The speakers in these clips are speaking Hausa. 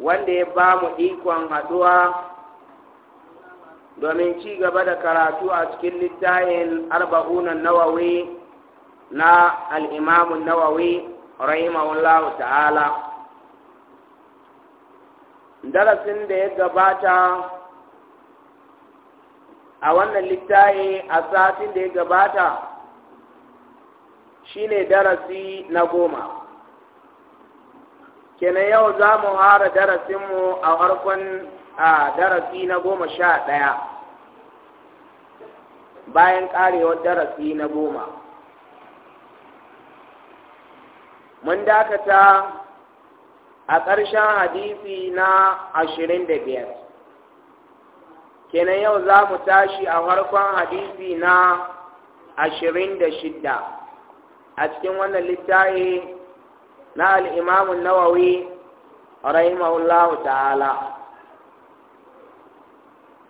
wanda ya ba mu ikon haɗuwa domin ci gaba da karatu a cikin littayin arba'unan nawawi na al'imamun nawawi rahimahullahu ta'ala darasin da ya gabata a wannan littayi a satin da ya gabata shine darasi na goma kenan yau za mu hara darasinmu a harkon a darasi na goma sha ɗaya bayan ƙarewar darasi na goma mun dakata a ƙarshen hadisi na ashirin da biyar kenan yau za mu tashi a farkon hadisi na ashirin da shidda a cikin wannan littafi na al'imamun nawawi rahimahullahu ta'ala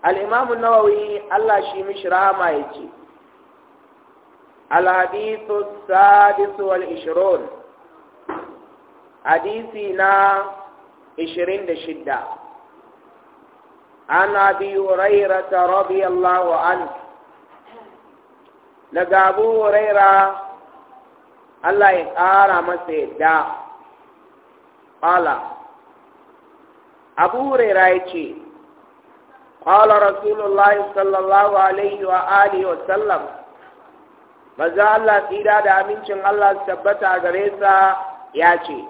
al'imamun nawawi Allah shi mishi rama ya ce alhadisu sadisu wal ishirun hadisi na ishirin da shidda an rabi Allah radiyallahu anhu daga abu hurairah Allah ya ƙara masa yadda ƙwala abu huraira ya ce ƙwala rasulullahi sallallahu alaihi wa alihi wa sallam maza Allah tsira da amincin Allah su tabbata gare sa ya ce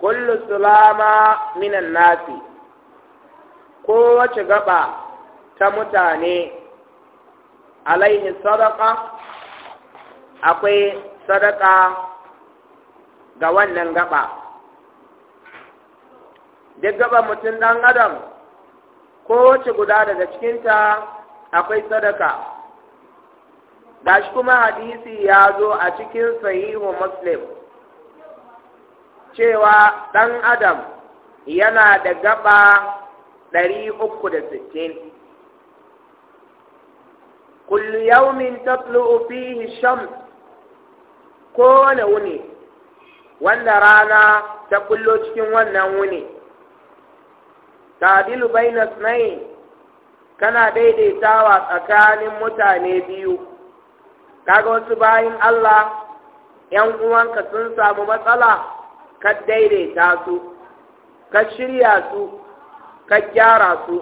kullu sulama minan nasi kowace gaba ta mutane alaihi sadaka akwai sadaka ga wannan gaba duk gaba mutum ɗan adam kowace guda daga cikinta akwai sadaka shi kuma hadisi ya zo a cikin sahihu muslim cewa ɗan adam yana da gaba ɗari uku da sittin kullu yaumin tatlu'u fihi shams Ko kowane wuni wanda rana ta kullo cikin wannan wuni tabilu baina snain kana daidaitawa tsakanin mutane biyu kaga wasu bayin Allah ‘yan uwanka sun samu matsala ka daidaita su, ka shirya su, ka gyara su,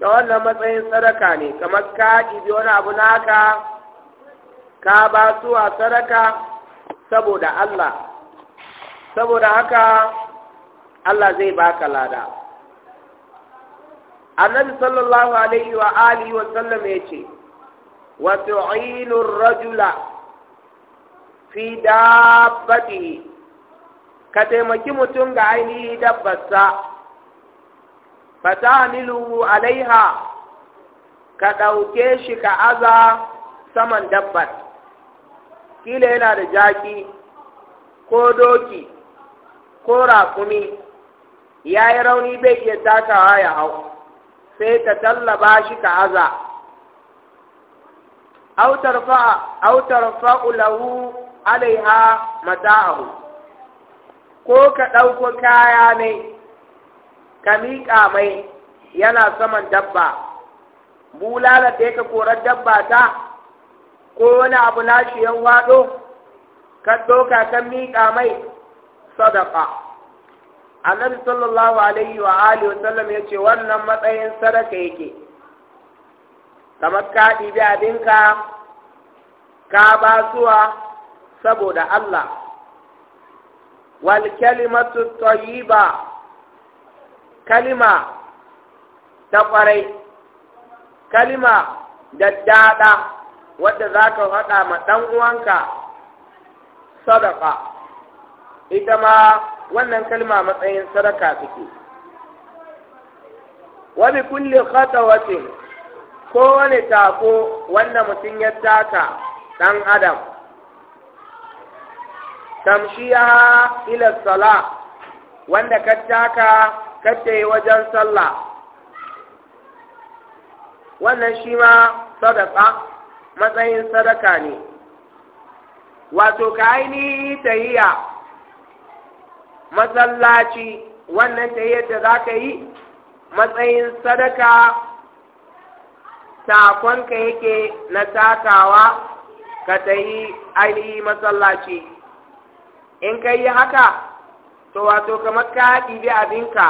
da wannan matsayin sadaka ne, kamar ka ibi wani abu naka ka ba su a sadaka saboda Allah saboda haka Allah zai baka lada annabi sallallahu alaihi wa alihi wa sallam yace wa tu'inu rajula fi dabbati ka taimaki mutum ga ainihi dabbarsa ta'miluhu alaiha ka ɗauke shi ka aza saman dabbar kila yana da jaki ko doki ko raƙumi ya yi rauni bai iya takawa ya hau sai ta tallaba shi ka aza autar fa'ulahu alaiha mata'ahu ko ka ɗauko kaya ne ka miƙa mai yana saman dabba bulala da ka korar dabba ta ko wani abu nashi yan waɗo ka ɗauka ka miƙa mai sadaka annabi sallallahu alaihi wa alihi wasallam ya ce wannan matsayin sadaka yake kamar ka ɗibi abinka ka ba suwa saboda Allah wal kalimatu tayyiba kalima ta ƙwarai kalima da daɗa wadda za ka faɗa ma ɗan uwanka sadaka ita ma wannan kalma matsayin sadaka suke wani kulle ko kowane tako wanda mutum ya taka ɗan adam tamshiya ila sala wanda ka taka kacce wajen sallah wannan shi ma sadaka matsayin sadaka ne wato ka ainihi tahiya masallaci wannan tahiyar da za ka yi matsayin sadaka takonka yake na takawa ka ta yi ainihi masallaci in ka yi haka to wato kamar ka ɗibi abinka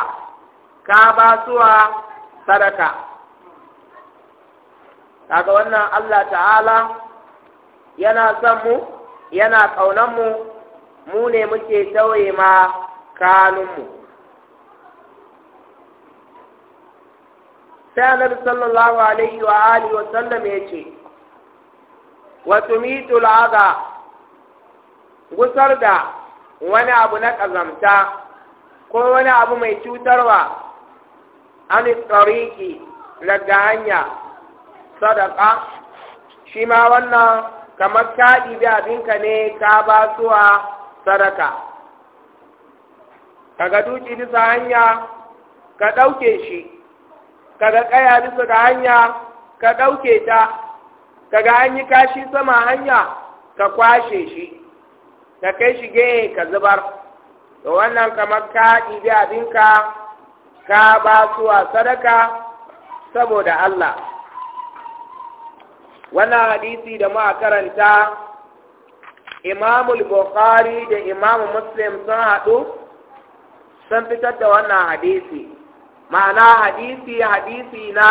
ka ba suwa sadaka kaga wannan Allah ta'ala yana son mu yana ƙaunan mu mu ne muke tauye ma kanunmu sai annabi sallallahu alaihi wa alihi wa sallam yace wa tumitul aga gusar da wani abu na ƙazamta ko wani abu mai cutarwa an tsariki daga hanya sadaka shi ma wannan kamar ka ɗibi abinka ne ka ba suwa sadaka kaga duki bisa hanya ka ɗauke shi kaga ƙaya bisa ga hanya ka ɗauke ta kaga an yi kashi sama hanya ka kwashe shi ka kai shi ka zubar da wannan kamar ka ɗibi abinka ka ba suwa sadaka saboda Allah wannan hadisi da muka karanta Imam Bukhari da Imam Muslim sun haɗu sun fitar da wannan hadisi ma'ana hadisi hadisi na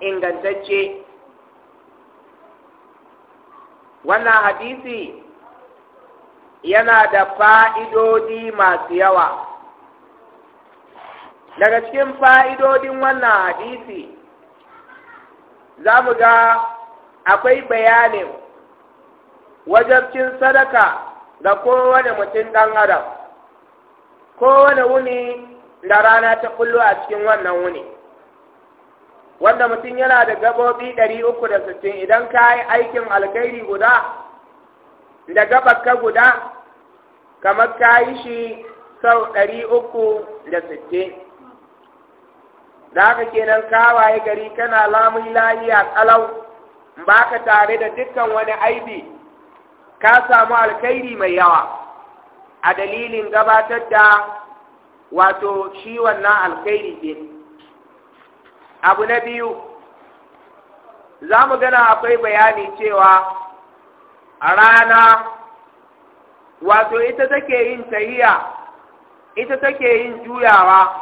ingantacce wannan hadisi yana da fa'idodi masu yawa daga cikin fa'idodin wannan hadisi za mu ga akwai bayanin wajabcin sadaka ga kowane mutum ɗan adam kowane wuni da rana ta kullu a cikin wannan wuni wanda mutum yana da gabobi sittin, idan ka yi aikin alkairi guda da gabaka guda kamar ka yi shi sau ɗari sittin. da haka kenan kawaye gari kana lamun layi a ba ka tare da dukkan wani aibi ka samu alkhairi mai yawa a dalilin gabatar da wato shi wannan alkhairi ɗin abu na biyu za mu gana akwai bayani cewa a rana wato ita take yin tahiya ita take yin juyawa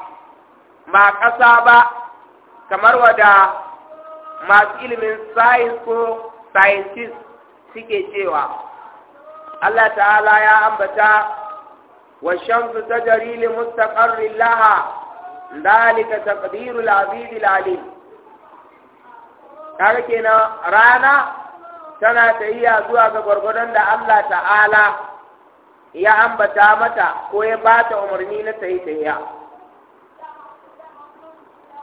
ba ƙasa ba kamar wada masu ilimin science ko scientist suke cewa Allah ta'ala ya ambata wa shamsu ta tajri li mustaqarrin laha dalika taqdirul azizil alim kaga kenan rana tana ta iya zuwa ga gwargwadon da Allah ta'ala ya ambata mata ko ya bata umarni na tafiya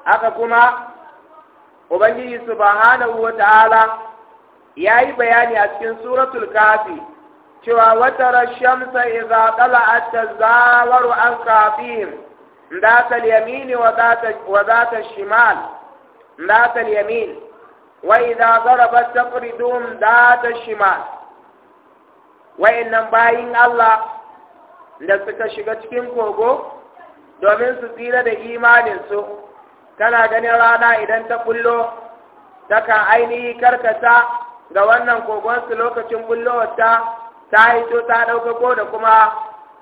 haka kuma ubangiji ta'ala ya yi bayani a cikin suratul kafi cewa watara shamsa a tala'at tazawaru an kafihim ذات za وذات وذات الشمال ذات اليمين وإذا ضربت تقرضهم ذات Wai وإن باين Allah da suka shiga cikin kogo domin su tsira da imaninsu tana ganin rana idan ta kullo takan ainihi karkata ga wannan kogonsu lokacin kullowarta ta haito ta ko da kuma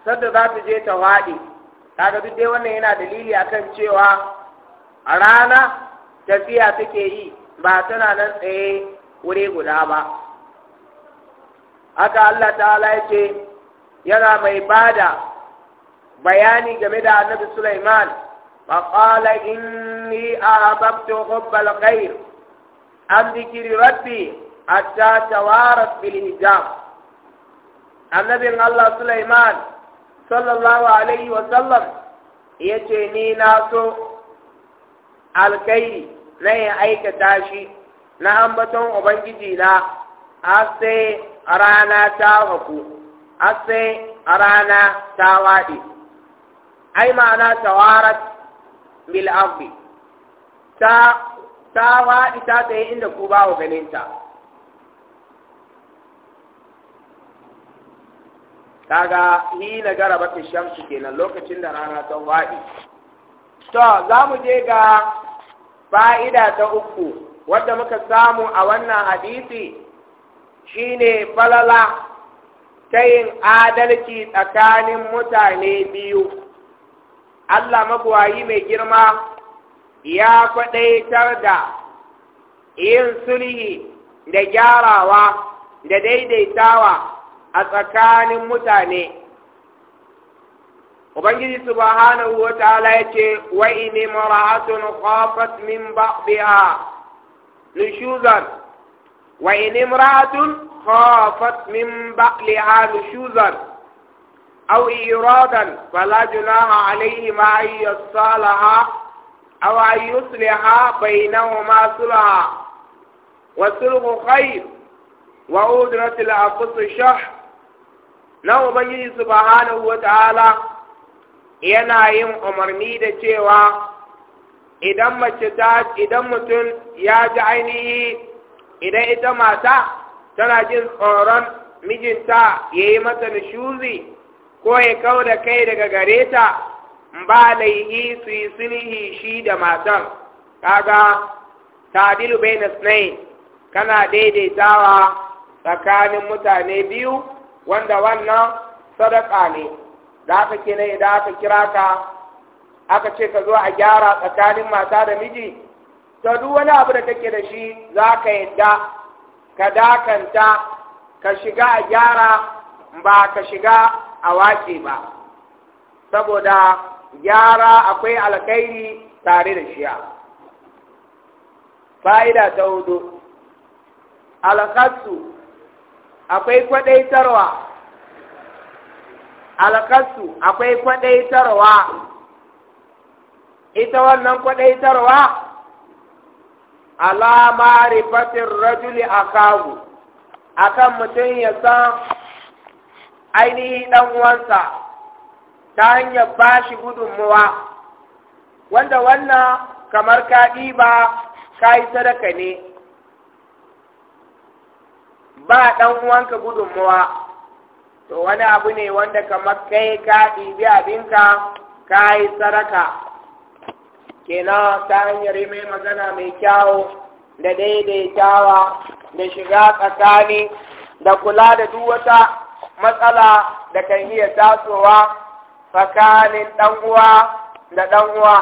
sadda za ta je ta waɗe kaga duk dai wannan yana dalili akan cewa a rana tafiya take yi ba tana nan tsaye wuri guda ba haka Allah ta'ala yake yana mai bada bayani game da annabi Sulaiman Fakala in yi a babtu hubbal kair, an dikiri rabbi a ta tawara fili hijab. Anabin Allah Sulaiman sallallahu alaihi wa sallam ya ce ni na so alkairi na yin aikata shi na an baton Ubangiji na a sai rana ta haku, a rana ta waɗe. Ai ma'ana tawara bil ardi ta ta waɗi ta tsaye inda ku ba wa ganinta kaga hina garaba ta shamsu kenan lokacin da rana ta waɗi to za mu je ga fa'ida ta uku wadda muka samu a wannan hadisi shine falala ta adalci tsakanin mutane biyu Allah magwayi mai girma ya faɗaitar da yin sulhi da gyarawa da daidaitawa a tsakanin mutane. Ubangiji subhanahu wa ta'ala ya ce, Wa ini mara'atun khafat min ba'biha nushuzan, wa ini mara'atun khafat min ba'liha nushuzan. أو إيرادا فلا جناح عليهما أن يصالحا أو أن يصلحا بينهما صلحا والصلح خير وأدرت الأنفس الشح na Ubangiji subhanahu wa ta'ala yana yin umarni da cewa idan mutum ya ji ainihi idan ita mata tana jin tsoron mijinta ya yi mata nishuzi ko ya kau da kai daga gare ta ba laihi su yi sulhi shi da matan kaga tadilu bai na kana daidaitawa tsakanin mutane biyu wanda wannan sadaka ne da aka kira idan aka kira ka aka ce ka zo a gyara tsakanin mata da miji Ta duk wani abu da kake da shi za ka yadda ka dakanta ka shiga a gyara ba ka shiga a wace ba saboda gyara akwai alkhairi tare da shiya fa'ida ta hudu alkhatsu akwai kwadaitarwa alkhatsu akwai kwadaitarwa ita wannan kwadaitarwa alamari fatin rajuli kawo akan mutum ya san ainihi ɗan uwansa ta hanyar ba shi gudunmuwa wanda wannan kamar ka ɗiba ka yi sadaka ne ba ɗan uwanka gudunmuwa to wani abu ne wanda kamar kai ka ɗibi abinka ka yi sadaka kenan ta hanyar mai magana mai kyawo da daidaitawa da shiga tsakani da kula da duk wata matsala da kan iya tasowa tsakanin ɗan uwa da ɗan uwa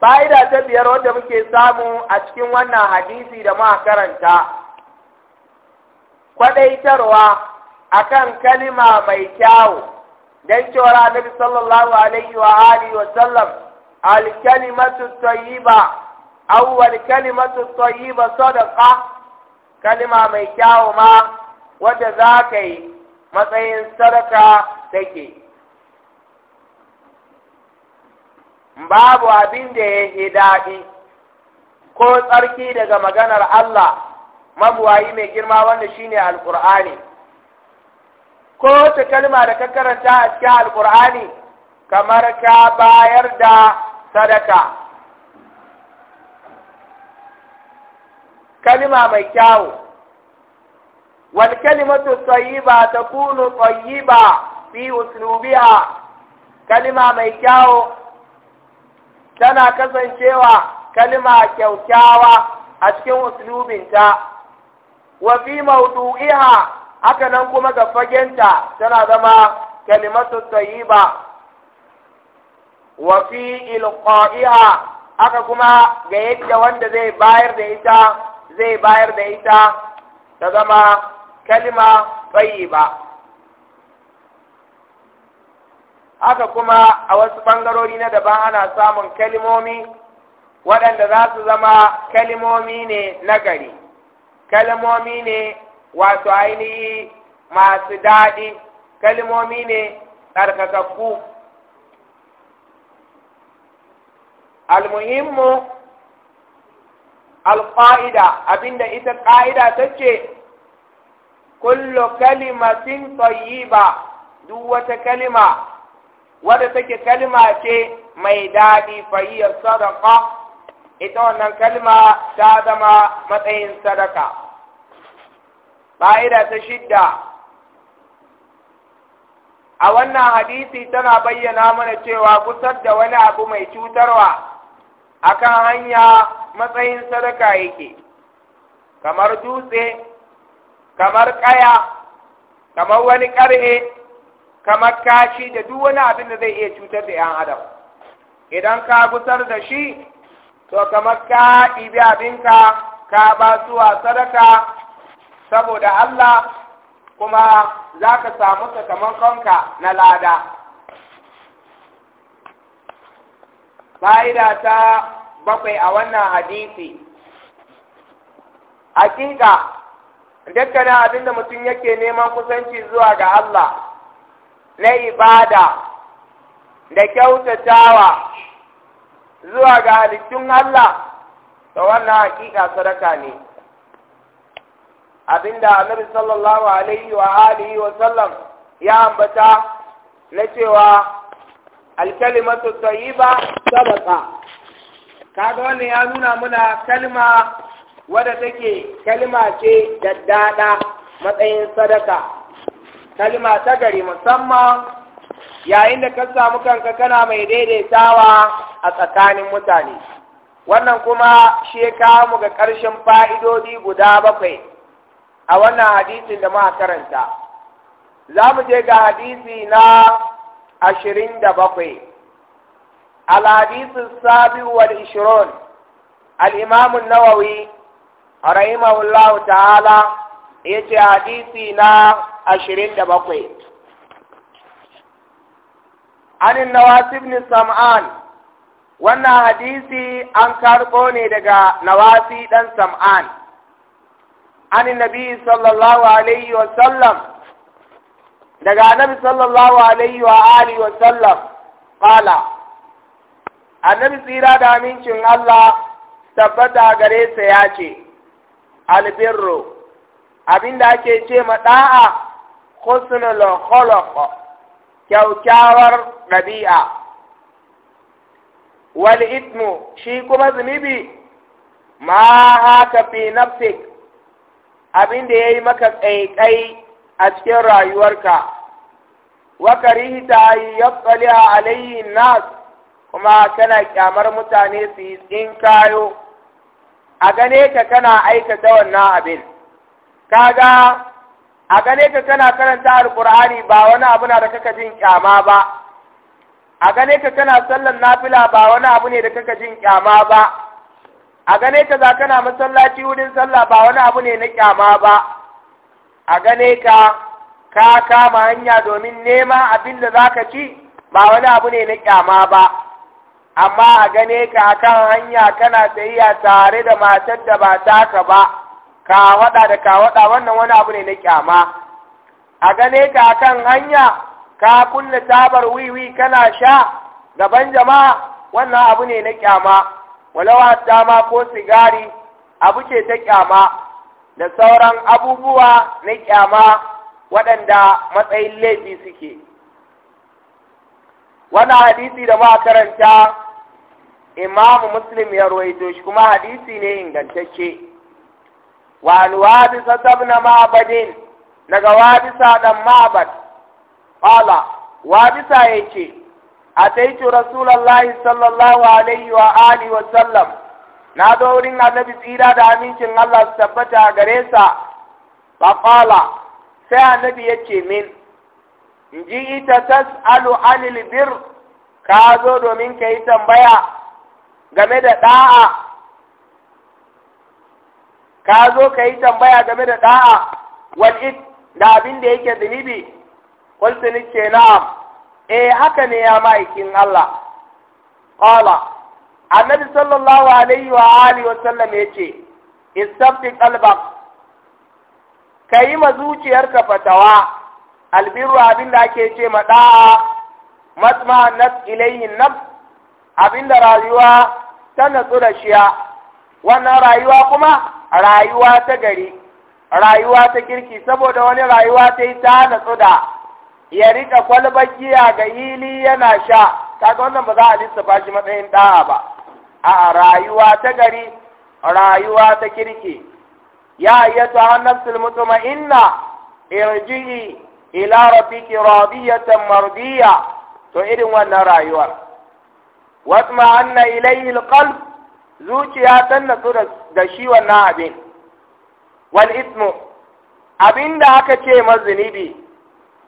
fa'ida ta biyar wanda muke samu a cikin wannan hadisi da ma karanta a kan kalima mai kyawu don cewa annabi sallallahu alaihi wa alihi wa sallam al-kalimatu tayyiba awwal kalimatu tayyiba sadaqa kalima mai kyawu ma wadda za ka yi matsayin sadaka take babu abin da ya yi daɗi ko tsarki daga maganar Allah mabuwayi mai girma wanda shine alkur'ani ko ta kalima da ka karanta a cikin alkur'ani kamar ka bayar da sadaka kalima mai kyawu wal kalimatu tayyiba takunu tayyiba fi uslubiha kalima mai kyawu tana kasancewa kalima kyaukyawa a cikin uslubinta wa fi mawdu'iha haka nan kuma ga fagenta tana zama kalimatu tayyiba wa fi ilqa'iha haka kuma ga yadda wanda zai bayar da ita zai bayar da ita ta zama kalima ba. haka kuma a wasu ɓangarori na daban ana samun kalimomi waɗanda za su zama kalimomi ne nagari kalimomi ne wato ainihi masu daɗi kalimomi ne tsarkakakku almuhimmu alƙa'ida abinda ita ƙa'ida ta ce kullu kalimatin ba duk wata kalima wadda take kalima ce mai daɗi fayyar sadaka ita wannan kalima ta zama matsayin sadaka ƙa'ida ta shidda a wannan hadisi tana bayyana mana cewa kusar da wani abu mai cutarwa akan hanya matsayin sadaka yake kamar dutse kamar kaya kamar wani karhe kamar kashi da duk wani abin da zai iya cutar da 'yan adam idan ka gusar da shi to kamar ka ibi abinka ka ba suwa sadaka saboda Allah kuma za ka samu sakamakonka na lada fa'ida ta bakwai a wannan hadisi hakika dukkanin abinda mutum yake neman kusanci zuwa ga Allah na ibada da kyautatawa zuwa ga halittun Allah ta wannan hakika sadaka ne abinda annabi sallallahu alaihi wa alihi wa sallam ya ambata na cewa alkalimatu tayyiba Ka kaga wannan ya nuna muna kalma wadda take kalma ce daɗa matsayin sadaka kalma ta gari musamman yayin da ka samu kanka kana mai daidaitawa a tsakanin mutane wannan kuma shi ya kawo mu ga ƙarshen fa'idodi guda bakwai a wannan hadisin da muka karanta za mu je ga hadisi na ashirin da bakwai alhadisu sabi wal ishirun al'imamun nawawi rahimahullahu ta'ala ya ce hadisi na ashirin da bakwai anin nawas ni sam'an wannan hadisi an karɓo ne daga nawasi ɗan sam'an anin nabi sallallahu alaihi wasallam daga annabi sallallahu alaihi wa alihi wa sallam qala annabi tsira da amincin Allah tabbata gare sa ya ce albirru abinda ake ce ma da'a husnul khuluq kyaukyawar ɗabi'a wal itmo shi kuma zunubi ma haka fi nafsik abinda yayi maka kai. a cikin rayuwarka wa karihta a alayhi nas kuma kana kyamar mutane su yi tsinkayo a gane ka kana aikata wannan abin kaga a gane ka kana karanta Alƙur'ani ba wani abu na da kaka jin kyama ba a gane ka kana sallan nafila ba wani abu ne da kaka jin kyama ba a gane ka za kana masallaci wurin sallah ba wani abu ne na kyama ba a gane ka ka kama hanya domin nema abin da za ka ci ba wani abu ne na kyama ba amma a gane ka a kan hanya kana a tare da matar da ba taka ba ka waɗa da ka waɗa wannan wani abu ne na kyama a gane ka a kan hanya ka kunna tabar wiwi kana sha gaban jama'a wannan abu ne na kyama walawa dama ko sigari abu ce ta kyama da sauran abubuwa na kyama waɗanda matsayin laifi suke Wani hadisi da ma karanta imamu muslim ya ruwaito shi kuma hadisi ne ingantacce wa alwadi sabna ma'abadin daga Ƙwala. dan sa ya ce a ataitu rasulallah sallallahu alaihi wa alihi wa sallam na zo wurin annabi tsira da amincin Allah su tabbata gare sa faqala sai annabi ya ce min in ji ita tas'alu anil bir ka zo domin ka yi tambaya game da da'a ka zo ka yi tambaya game da da'a wal da abin da yake zunubi qultu ni ce na'am eh haka ne ya ma'aikin Allah qala annabi sallallahu alaihi wa alihi wa sallam yace istabdi qalbak kai ma zuciyarka fatawa albirru abin ake ce ma matma masma nas ilayhi nab abin da rayuwa ta natsu da shiya wannan rayuwa kuma rayuwa ta gari rayuwa ta kirki saboda wani rayuwa ta yi ta natsu da ya rika kwalbar giya ga hili yana sha kaga wannan ba za a lissafa shi matsayin da'a ba a rayuwa ta gari rayuwa ta kirki ya ayyatu an nafsul mutma'inna irji'i ila rabbiki radiyatan mardiya to irin wannan rayuwar wasma anna ilayhi alqalb zuciya ta nasu da shi wannan abin wal ismu abinda aka ce mazunibi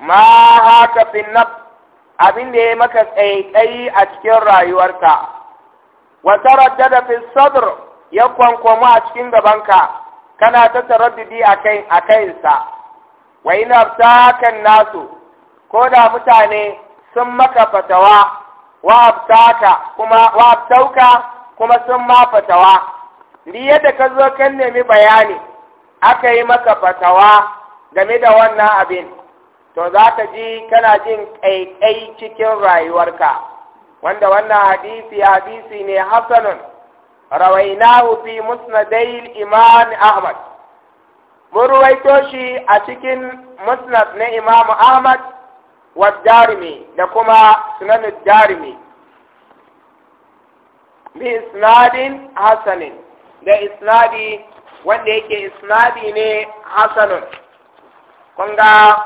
ma haka fi nafs abinda ya maka tsaitsayi a cikin rayuwarka wa taraddada fi sadr ya kwankwamu a cikin gabanka kana ta taraddudi akai Wai wa in kan nasu ko da mutane sun maka fatawa wa abtaka kuma wa abtauka kuma sun ma fatawa ni yadda ka zo kan nemi bayani aka yi maka fatawa game da wannan abin to za ka ji kana jin ƙaiƙai cikin rayuwarka wanda wannan hadisi hadisi ne hasanun rawainahu fi musnadai imam ahmad mun ruwaito shi a cikin musnad na imam ahmad wa darimi da kuma sunan darimi bi isnadin hasanin da isnadi wanda yake isnadi ne hasanun kun ga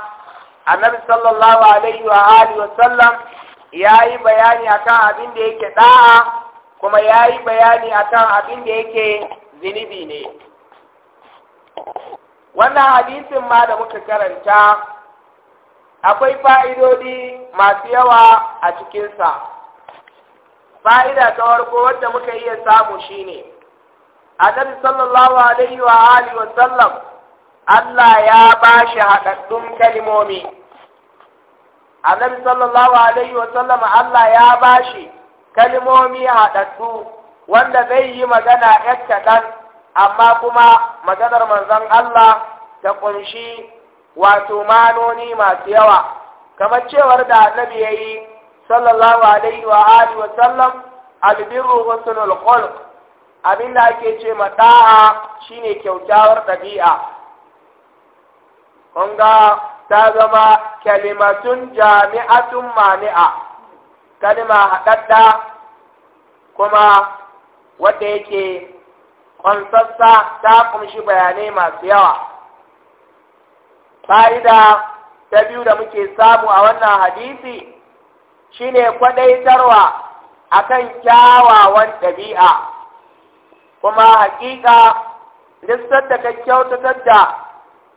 annabi sallallahu alaihi wa alihi wa sallam ya yi bayani akan abin da yake ɗa'a kuma ya yi bayani akan abin da yake zinibi ne wannan hadisin ma da muka karanta akwai fa'idodi masu yawa a cikinsa fa'ida ta warko wadda muka iya samu shi shine annabi sallallahu alaihi wa alihi wa sallam Allah ya ba shi haɗaɗɗun kalimomi annabi sallallahu alaihi wa sallam Allah ya bashi kalmomi haɗaɗɗu wanda zai yi magana ƴan kaɗan amma kuma maganar manzon Allah ta ƙunshi wato manoni masu yawa kamar cewar da annabi ya yi sallallahu alaihi wa alihi wa sallam albirru husnul khulq abinda ake ce ma shine kyaukyawar ɗabi'a kun ga ta zama kalimatun jami'atun mani'a kalima haɗaɗɗa kuma wadda yake kwansassa ta kumshi bayanai masu yawa fa'ida ta biyu da muke samu a wannan hadisi shine kwadaitarwa akan kyawawan ɗabi'a kuma haƙiƙa duk da kyautatar da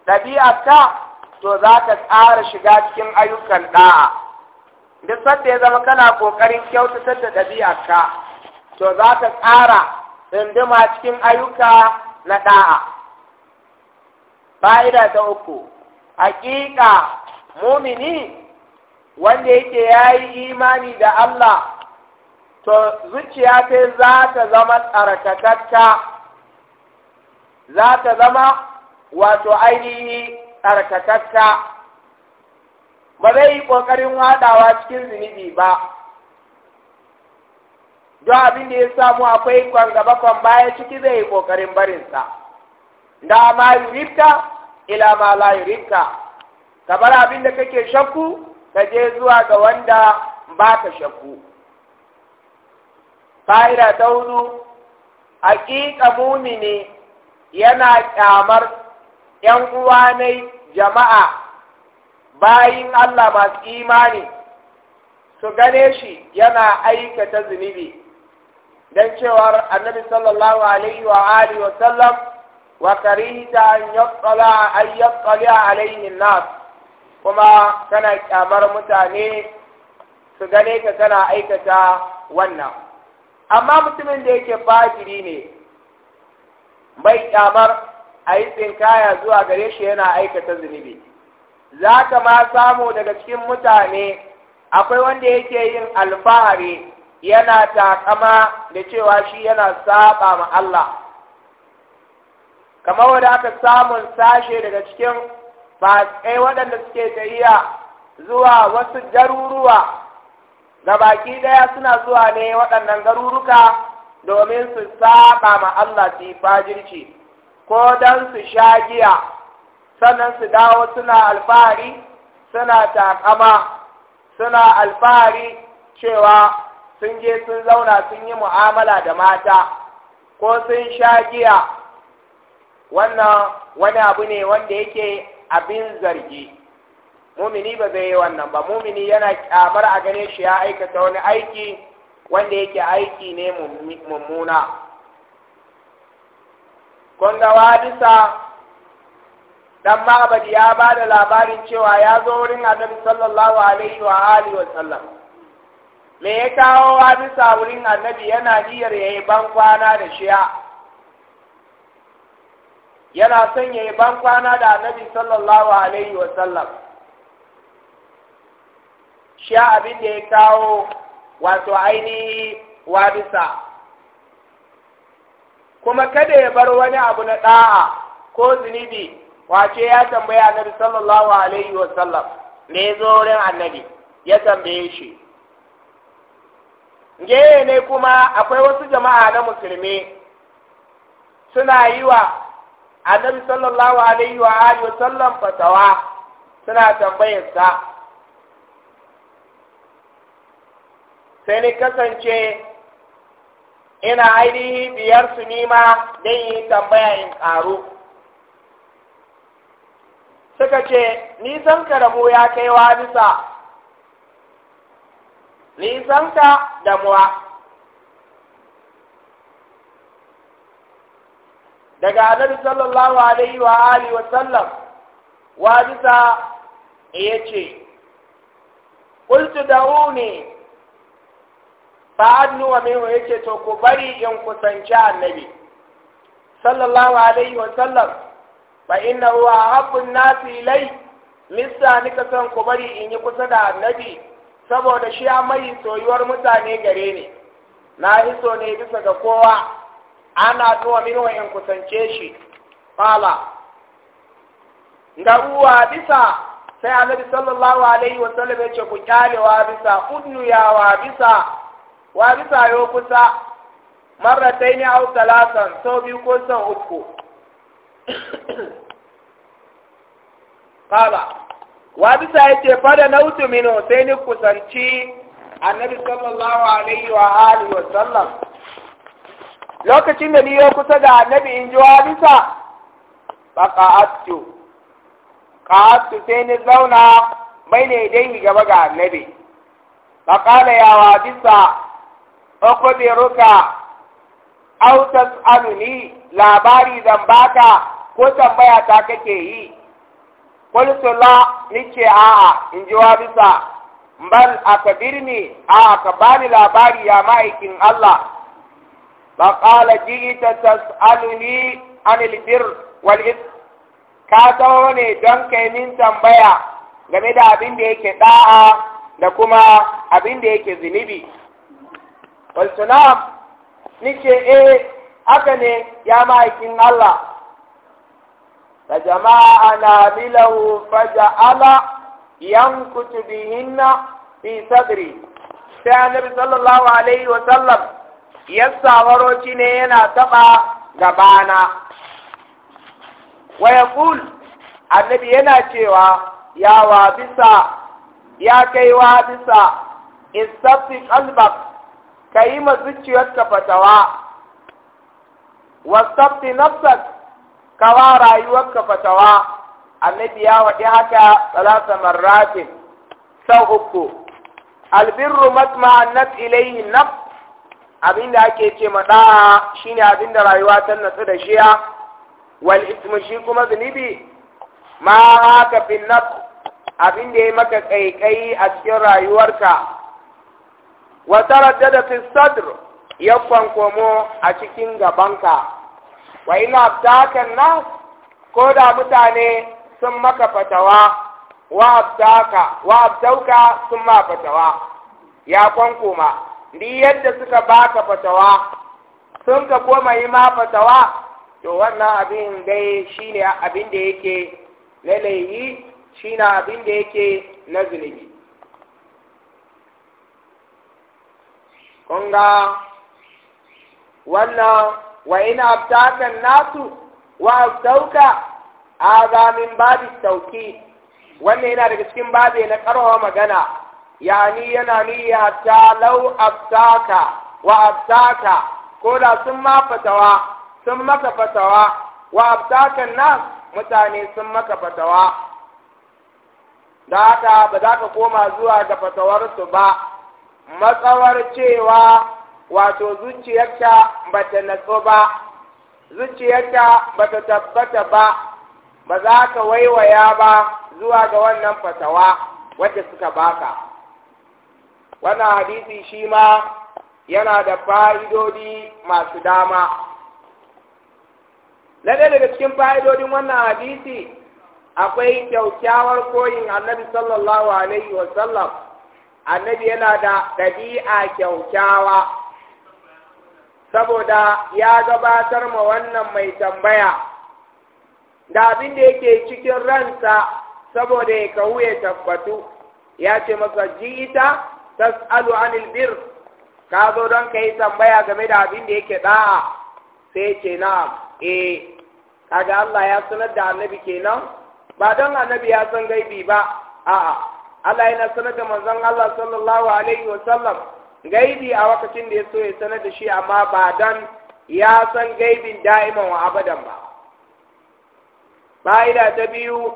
ɗabi'a ta to za ka ƙara shiga cikin ayyukan ɗa'a duk sanda ya zama kana ƙoƙarin kyautatar da ɗabi'arka to za ka ƙara tsinduma cikin ayyuka na ɗa'a fa'ida ta uku haƙiƙa mumini wanda yake ya yi imani da Allah to zuciya sai za ta zama tsarkakakka za ta zama wato ainihi tsarkakatta ba zai yi ƙoƙarin waɗawa cikin zunubi ba don abin da ya samu akwai kwan gaba kwan baya ciki zai yi ƙoƙarin barinsa da ma yurika ila ma la yurika kamar abin da kake shakku ka je zuwa ga wanda ba ka shakku fa'ida ta hudu haƙiƙa mumini yana ƙyamar ‘yan uwanai jama'a bayin Allah masu imani su gane shi yana aikata zunubi don cewar annabi sallallahu alaihi wa alihi wa sallam wa karihita an yatsala alaihin nas kuma kana kyamar mutane su gane ka kana aikata wannan amma mutumin da yake fajiri ne bai kyamar a yi tsinkaya zuwa gare shi yana aikata zunubi za ka ma samu daga cikin mutane akwai wanda yake yin alfahari yana takama da cewa shi yana saba ma Allah kamar wanda aka samun sashe daga cikin fasai waɗanda suke tafiya zuwa wasu garuruwa ga baki ɗaya suna zuwa ne waɗannan garuruka domin su saba ma Allah su yi fajirci ko don su sha giya sannan su dawo suna alfahari suna takama suna alfahari cewa sun je sun zauna sun yi mu'amala da mata ko sun sha giya wannan wani abu ne wanda yake abin zargi mumini ba zai yi wannan ba mumini yana kyamar a gane shi ya aikata wani aiki wanda yake aiki ne mummuna kun wadisa dan magabadi ya bada labarin cewa ya zo wurin annabi sallallahu alaihi wa alihi wa sallam me ya kawo wadisa wurin annabi yana niyyar yayi ban kwana da shiya yana son yayi ban kwana da annabi sallallahu alaihi wa sallam shiya abin da ya kawo wato ainihi wadisa kuma kada ya bar wani abu na da'a ko zunubi wace ya tambaya annabi sallallahu alaihi wa sallam ne zoren annabi ya tambaye shi ngeye ne kuma akwai wasu jama'a na musulmi suna yi wa annabi sallallahu alaihi wa alihi wa sallam fatawa suna tambayarsa sai ne kasance ina ainihi biyar su nima don yi tambaya in ƙaru suka ce nisan ka da ya kai wa bisa nisan ka da muwa daga annabi sallallahu alaihi wa alihi wa sallam wa bisa ya ce qultu da'uni fa'adnu wa minhu yake to ku bari in kusanci annabi sallallahu alaihi wa sallam fa innahu ahabbun nasi ilai lissa nika son ku bari in yi kusa da annabi saboda shi mai soyuwar mutane gare ne na hiso ne bisa ga kowa ana tuwa minhu in kusance shi fala garuwa bisa sai annabi sallallahu alaihi wa sallam yake ku kyalewa bisa udnuyawa bisa wa bisa yo kusa marratai ne au talatan sau biyu ko sau uku kala wa bisa ya yace fada nautu mino sai ni kusanci annabi sallallahu alaihi wa alihi wa sallam lokacin da ni yau kusa da annabi in ji wa bisa faqa'attu qa'attu sai ni zauna bai ne dai gaba ga annabi faqala ya wa bisa ukubiruka aw tas'aluni labari zan baka ko tambaya ta kake yi qultu la nice a'a in ji wa bisa bal birni? a ka bani labari ya ma'aikin Allah fa qala ji'ta tas'aluni anil bir wal ka zama ne don kai min tambaya game da abin da yake da'a da kuma abin da yake zunubi wal salam nike e? haka ne ya ma'aikin Allah da jama'a na milahu yan yankutu bihinna fi sadri sai annabi sallallahu alaihi wa sallam ya sawaroci ne yana taba gabana wa Kul, annabi yana cewa ya wa bisa ya kai wa bisa istafi qalbak ka yi ma zuciyarka fatawa wasabti nafsak ka wa rayuwarka fatawa annabi ya waɗi haka salasa marratin sau uku albirru matma naf ilayhi naf abinda ake ce ma da'a shine abinda rayuwa ta natsu da shiya wal ismu shi kuma zunubi ma haka fi naf abinda ya maka ƙaiƙayi a cikin rayuwarka wa taraddada fi sadr ya komo a cikin gabanka wa ina takan na? ko da mutane sun maka fatawa wa abtaka wa sun ma fatawa ya kwankoma ni yadda suka baka fatawa sun ka koma yi ma fatawa to wannan abin dai shine abin da yake lalayi shine abin da yake na zunubi Kunga wannan wa ina abtakan nasu wa abtauka aga min babi tauki wannan yana daga cikin babe na karwa magana yani yana niyya ta lau abtaka wa abtaka ko da sun ma fatawa sun maka fatawa wa abtakan nas mutane sun maka fatawa da haka ba za ka koma zuwa ga fatawarsu ba matsawar cewa wato zuciyarta ba ta natsu ba zuciyarta ba ta tabbata ba ba za ka waiwaya ba zuwa ga wannan fatawa wadda suka baka wannan hadisi shi ma yana da fa'idodi masu dama lalle daga cikin fa'idodin wannan hadisi akwai kyaukyawar koyin annabi sallallahu alaihi wasallam annabi yana da ɗabi'a kyaukyawa saboda ya gabatar ma wannan mai tambaya da abin da yake cikin ransa saboda ya kahu ya tabbatu ya ce masa jita tas'alu an bir ka zo don ka yi tambaya game da abin da yake ɗa'a sai ce na e eh. kaga Allah ya sanar da annabi kenan ba don annabi ya san gaibi ba a'a Allah yana sanar da manzon Allah sallallahu alaihi wa gaibi a wakacin da ya so ya sanar da shi amma ba dan ya san gaibin da'iman wa abadan ba fa'ida ta biyu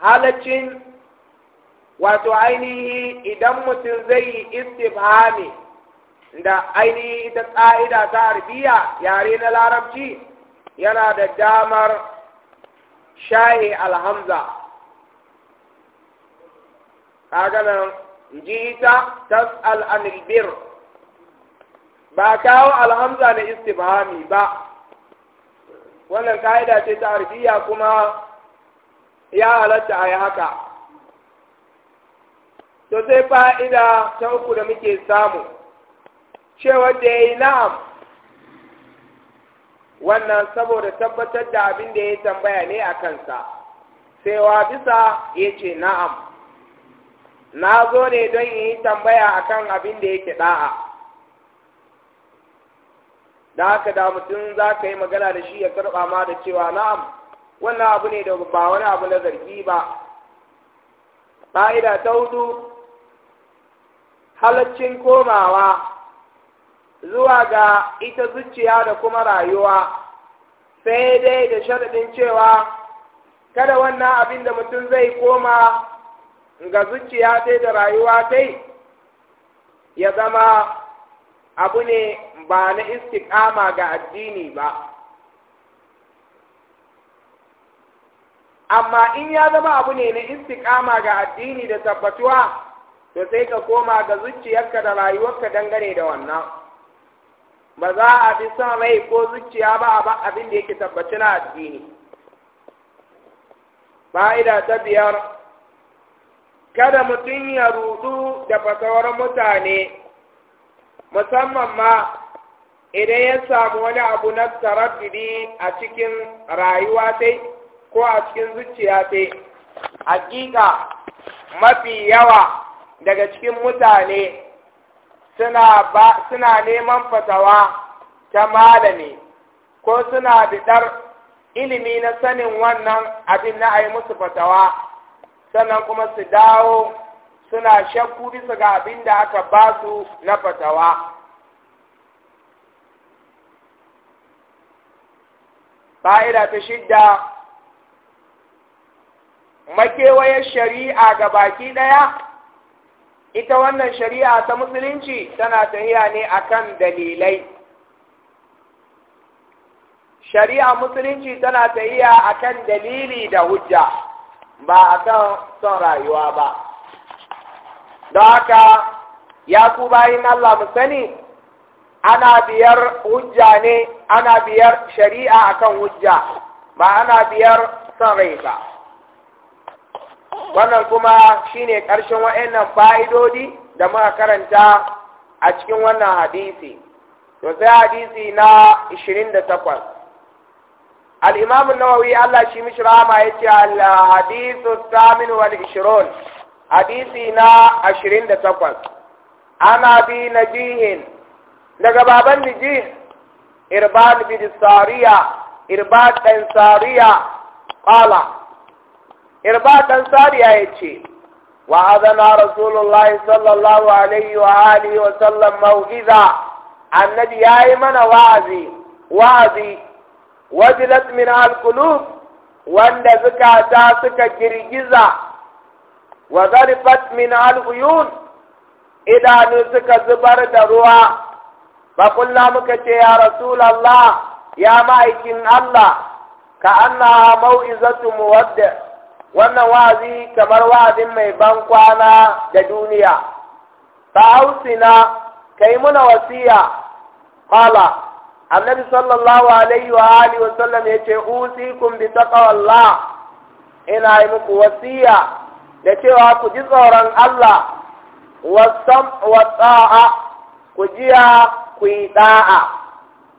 halaccin wato ainihi idan mutum zai yi istifhami da ainihi ita ƙa'ida ta arbiya yare na larabci yana da damar shahi alhamza aganan jita tas'al anil bir ba kawo alhamza na istifhami ba wannan ka'ida ce ta arfiya kuma ya halatta a yi haka to sai fa'ida ta uku da muke samu cewa da ya yi na'am wannan saboda tabbatar da abin da ya tambaya ne a kansa sai wa bisa ya ce na'am na zo ne don yi tambaya akan abin da yake ɗa'a. da haka da mutum za ka yi magana da shi ya karɓa ma da cewa na'am wannan abu ne da ba wani abu na zargi ba ƙa'ida ta hudu halaccin komawa zuwa ga ita zuciya da kuma rayuwa sai dai da sharaɗin cewa kada wannan abin da mutum zai koma ga zuciya dai da rayuwa dai ya zama abu ne ba na istiƙama ga addini ba amma in ya zama abu ne na istiƙama ga addini da tabbatuwa to sai ka koma ga zuciyarka da rayuwarka dangane da wannan ba za a bi son rai ko zuciya ba a abin da yake tabbaci na addini fa'ida ta biyar kada mutum ya rudu da fasawar mutane musamman ma idan ya samu wani abu na taraddudi a cikin rayuwa sai ko a cikin zuciya sai hakika mafi yawa daga cikin mutane suna neman fasawa ta malami ko suna bidar ilimi na sanin wannan abin na a yi musu fatawa sannan kuma su dawo suna shakku bisa ga abin da aka ba su na fatawa Ba'ida ta shidda makewayar shari'a ga baki ɗaya ita wannan shari'a ta musulunci tana tahiya ne akan dalilai shari'a musulunci tana ta tahiya akan dalili da hujja ba a kan son rayuwa ba don haka ya ku bayin Allah mu sani ana biyar hujja ne ana biyar shari'a akan hujja ba ana biyar son rai ba wannan kuma shine ƙarshen wa'annan fa'idodi da muka karanta a cikin wannan hadisi to sai hadisi na 28 الإمام النووي الله شمش رحمه يتي الحديث الثامن والعشرون حديثنا عشرين دتقوز أنا بي نجيه بابا نجيه إربان بن السارية إربان بن سارية قال إربان بن سارية يتي وأذن رسول الله صلى الله عليه وآله وسلم موعظة النبي يا من وعزي وعزي wajilat min alqulub wanda zukata suka girgiza wa zarifat min aluyun idanu suka zubar da ruwa ba kullu muka ce ya rasulullah ya ma'aikin Allah ka anna mau'izatu muwadda wannan wa'azi kamar wa'azin mai ban kwana da duniya fa ausina kai muna wasiya qala annabi sallallahu alaihi wa alihi wa sallam yace usikum bi taqwallah ina yi muku wasiya da cewa ku ji tsoron Allah wa sam wa ta'a ku jiya ku yi da'a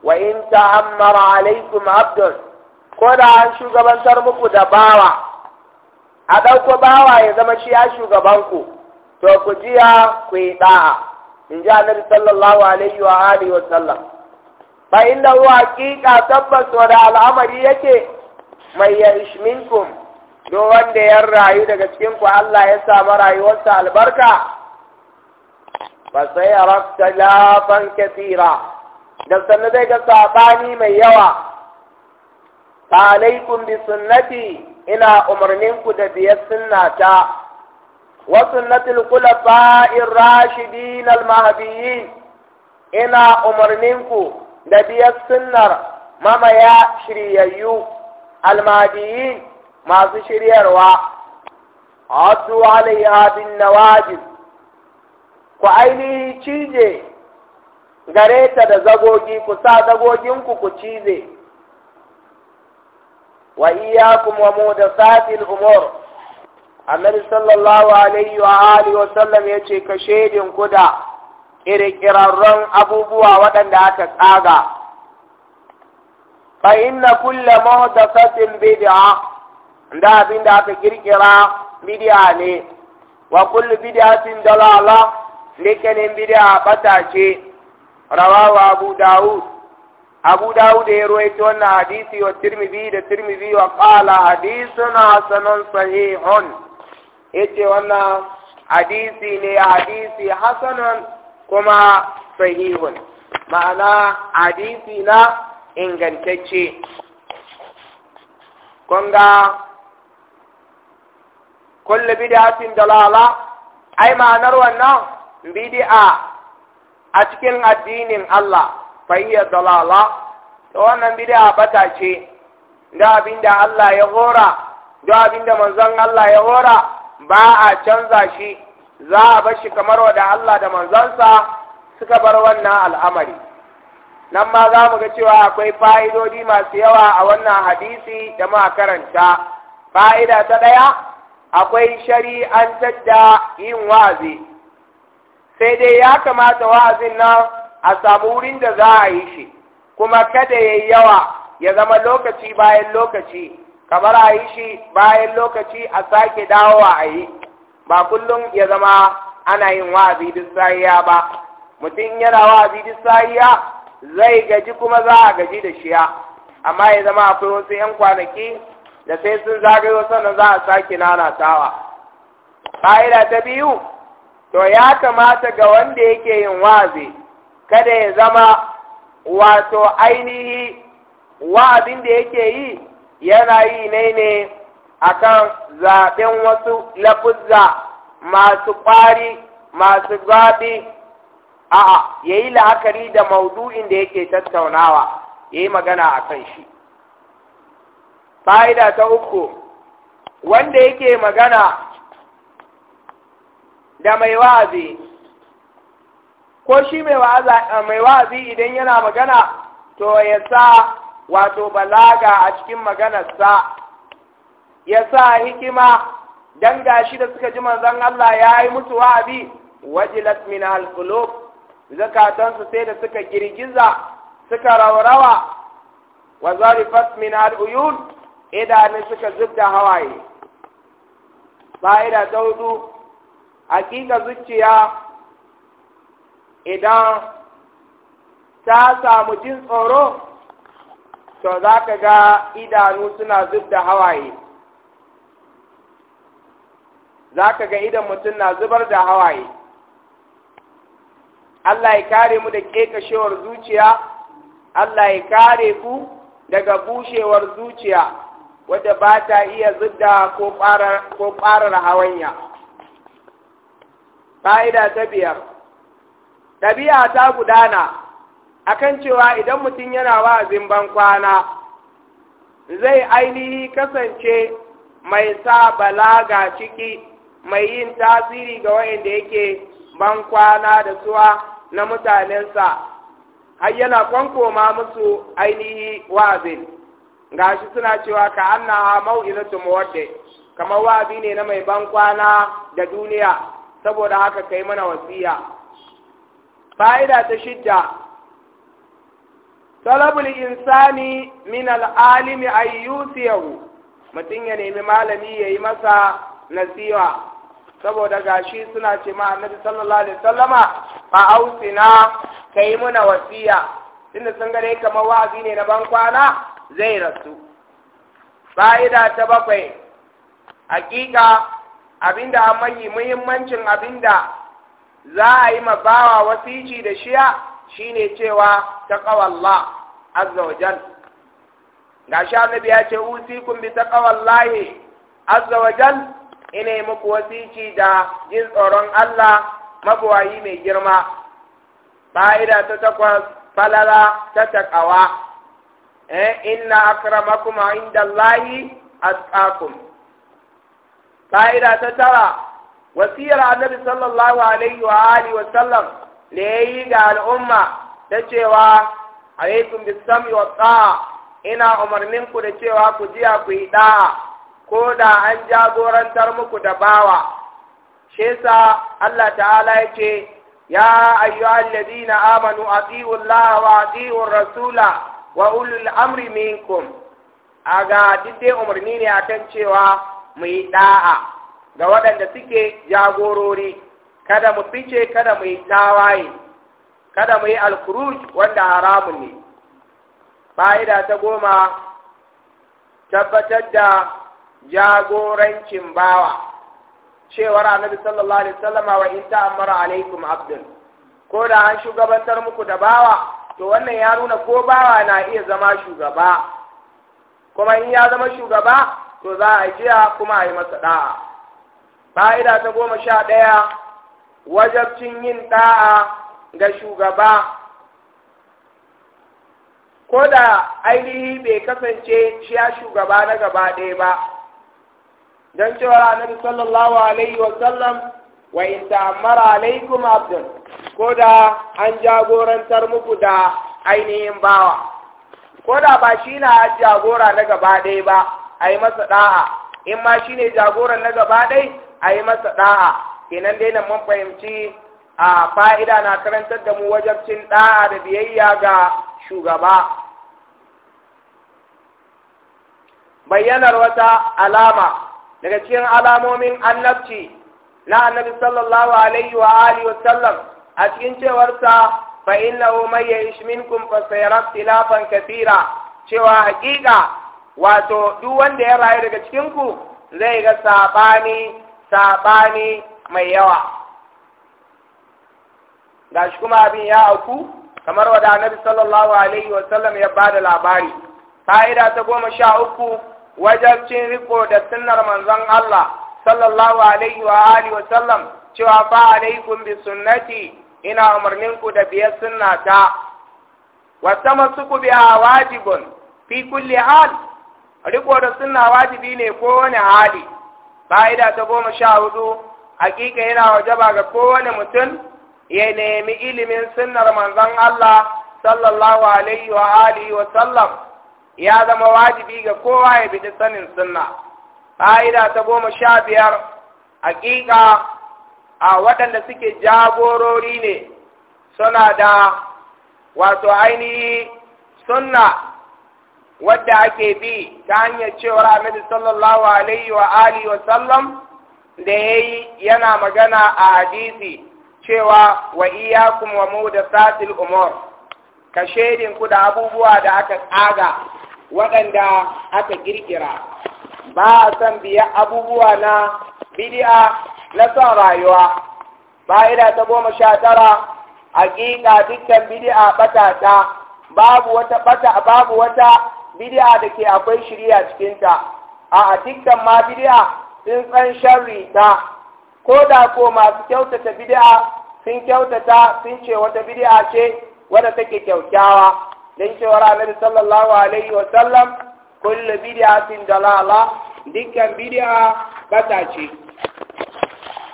wa in ta'ammara alaikum abdun ko da an shugabantar muku da bawa a ɗauko bawa ya zama shi ya ku to ku jiya ku yi da'a in ji annabi sallallahu alaihi wa alihi wa sallam ba inda ruwa tabbas wa da al'amari yake mai ya ishminkum do wanda ya rayu daga cikin ku Allah ya sa rayuwarsa albarka Ba sai arafta lafan kathira da sannan zai ga sabani mai yawa ta alaikum bi sunnati ina umarnin ku da biyar sunnata wa sunnatul khulafa'ir rashidin al mahdiyyin ina umarnin ku da biyar sunnar mamaya shiryayyu almadiyin masu shiryarwa A addu alaiha bin nawajib ku ainihi cije gare ta da zagogi ku sa zagoginku ku cize wa iya kuma mu da mudasatil umar? annabi sallallahu alaihi wa alihi wa sallam ce ka shaidin kuda ƙirƙirarren abubuwa waɗanda aka tsaga fa inna kulla muhdathatin bid'a da abin da aka kirkira bid'a ne wa kullu bid'atin dalala likanin bid'a bata ce abu daud abu daud ya rawaito wannan hadisi wa tirmidhi da tirmidhi wa qala hadithun hasanun sahihun yace wannan hadisi ne hadisi hasanun kuma sahihun ma'ana hadisi na ingantacce kunga kullu bid'atin dalala ai ma'anar wannan bidi'a a cikin addinin Allah fayya dalala ta wannan bid'a bata ce da abinda Allah ya hora da abinda manzon Allah ya hora ba a canza shi za a bar shi kamar wada Allah da manzansa suka bar wannan al'amari nan ma za mu ga cewa akwai fa'idodi masu yawa a wannan hadisi da ma karanta fa'ida ta ɗaya akwai shari'antar da yin wa'azi sai dai ya kamata wa'azin nan a samu wurin da za a yi shi kuma kada ya yi yawa ya zama lokaci bayan lokaci kamar a yi shi bayan lokaci a sake dawowa a yi ba kullum ya zama ana yin wa'azi duk sahiya ba mutum yana wa'azi duk sahiya zai gaji kuma za a gaji da shiya amma ya zama akwai wasu 'yan kwanaki da sai sun zagayo sannan za a sake nanatawa Fa'ida ta biyu to ya kamata ga wanda yake yin wa'azi kada ya zama wato ainihi wa'azin da yake yi yana yi ne ne akan zaɓen wasu lafuzza masu ƙwari masu zaɓi a'a ya yi la'akari da maudu'in da yake tattaunawa ya yi magana a kan shi fa'ida ta uku wanda yake magana da mai wa'azi ko shi mai wa'azi idan yana magana to ya sa wato balaga a cikin maganarsa ya sa hikima dan gashi da suka ji manzon Allah ya yi musu wa'azi wajilat min al-qulub zakatansu sai da suka girgiza suka raurawa wa zarifat min al-uyun idanun suka zubda hawaye fa'ida ta hudu hakika zuciya idan ta samu jin tsoro to za ka ga idanu suna zubda hawaye za ka ga idan mutum na zubar da hawaye Allah ya kare mu da ƙeƙashewar zuciya Allah ya kare ku daga bushewar zuciya wadda ba ta iya zidda ko ƙwarar hawanya fa'ida ta biyar ɗabi'a ta gudana akan cewa idan mutum yana wa'azin ban kwana zai ainihi kasance mai sa balaga ciki mai yin tasiri ga wayanda yake bankwana da suwa na mutanensa har yana kwankoma musu ainihi wa'azin gashi suna cewa ka annaha mau'izatu muwaddi kamar wa'azi ne na mai bankwana da duniya saboda haka kai mana wasiya fa'ida ta shidda talabul insani min al'alimi ayyusiyahu mutum ya nemi malami ya yi masa nasiwa saboda gashi suna ce ma annabi sallallahu alaihi wasallama fa ausina kai muna wasiya tunda sun gare kamar wa'azi ne na ban kwana zai rasu fa'ida ta bakwai hakika abinda an muhimmancin abinda za a yi ma bawa wasiji da shiya shine cewa taqawallah azza wa gashi annabi ya ce usikum bi taqwallahi azza wa jalla ina yi muku wasici da jin tsoron Allah mabuwayi mai girma Fa'ida ta takwas falala ta takawa eh inna lahi indallahi atqakum Fa'ida ta tara wasiyar annabi sallallahu alaihi wa alihi wa sallam da ya yi ga al'umma ta cewa alaikum yi wa ina umarninku da cewa ku jiya ku yi ɗa'a. ko da an jagorantar muku da bawa shi yasa Allah ta'ala yake ya ayyuhal na amanu atiu Allah wa atiu rasula wa ulul amri minkum aga dide umarni ne akan cewa mu yi da'a ga waɗanda suke jagorori kada mu fice kada mu yi tawaye kada mu yi alkuruj wanda haramun ne fa'ida ta goma tabbatar da jagorancin bawa cewar annabi sallallahu alaihi wasallama wa in ta'ammara alaikum abdul ko da an shugabantar muku da bawa to wannan ya nuna ko bawa na iya zama shugaba kuma in ya zama shugaba to za a jiya kuma a yi masa da'a fa'ida ta goma sha ɗaya wajabcin yin da'a ga shugaba ko da ainihi bai kasance shi ya shugaba na gaba ɗaya ba don cewa annabi sallallahu alaihi wa sallam wa in ta'ammara alaikum abdun ko da an jagorantar muku da ainihin bawa ko da ba shi na jagora na gaba ɗaya ba a yi masa ɗa'a in ma shi ne jagoran na gaba ɗaya a yi masa ɗa'a kenan dai nan mun fahimci a fa'ida na karantar da mu wajabcin ɗa'a da biyayya ga shugaba bayyanar wata alama daga cikin alamomin annabci na annabi sallallahu alaihi wa alihi wa sallam a cikin cewarsa fa innahu may ya'ish minkum fa sayara ikhtilafan kathira cewa hakika wato duk wanda ya rayu daga cikin ku zai ga sabani sabani mai yawa gashi kuma abin ya auku kamar wada annabi sallallahu alaihi wa sallam ya bada labari fa'ida ta goma sha uku wajabcin riko da sunnar manzon Allah sallallahu alaihi wa alihi wa sallam cewa fa alaikum bi sunnati ina umarnin ku da biyar sunnata wa tamassuku biha wajibun fi kulli hal riko da sunna wajibi ne ko wani hali fa'ida ta goma sha hudu hakika yana wajaba ga kowane mutum ya nemi ilimin sunnar manzon Allah sallallahu alaihi wa alihi wa sallam ya zama wajibi ga kowa ya bi sanin sunna ƙa'ida ta goma sha biyar hakika a waɗanda suke jagorori ne suna da wato ainihi sunna wadda ake bi ta hanyar cewar annabi sallallahu alaihi wa alihi wa sallam da yayi yana magana a hadisi cewa wa iyyakum wa satil umur ka shedin ku da abubuwa da aka tsaga waɗanda aka girgira ba a san biya abubuwa na bidi'a na son rayuwa baida ta goma sha tara hakika dukkan bidi'a ɓata ta babu wata ɓata babu wata bidi'a da ke akwai shirya cikinta a dukkan ma bidi'a sun san sharri ta ko da ko masu kyautata bidi'a sun kyautata sun ce wata bidi'a ce wadda take kyaukyawa don cewar annabi sallallahu alaihi wa sallam kullu bid'atin dalala dukkan bid'a bata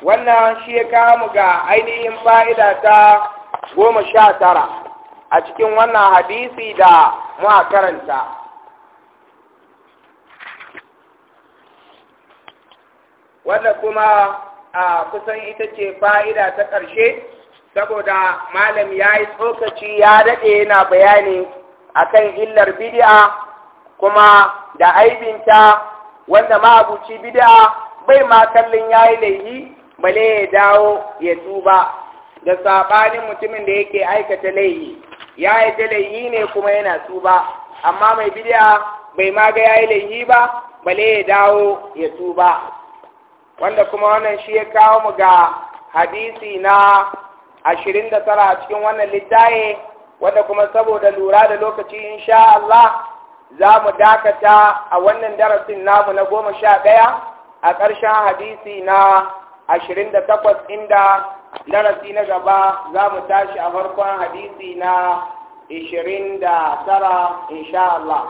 wannan shi ya kawo ga ainihin fa'ida ta goma sha tara a cikin wannan hadisi da mu karanta wanda kuma a kusan ita ce fa'ida ta ƙarshe saboda malam ya yi tsokaci ya daɗe yana bayani a kan illar bid'a kuma da aibinta wanda ma'abuci bid'a bai ma kallon ya yi laihi bale ya dawo ya tuba da saɓanin mutumin da yake aikata laihi ya yi ta laihi ne kuma yana tuba amma mai bid'a bai ma ga ya yi laihi ba bale ya dawo ya tuba wanda kuma wannan shi ya kawo mu ga hadisi na ashirin da tara a cikin wannan littaye wanda kuma saboda lura da lokaci insha Allah za mu dakata a wannan darasin namu na goma sha ɗaya a ƙarshen hadisi na ashirin da takwas inda darasi na gaba za mu tashi a farkon hadisi na ishirin da tara insha Allah.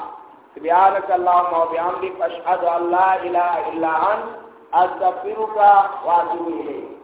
سبحانك اللهم وبحمدك أشهد أن لا إله إلا أنت أستغفرك وأتوب إليك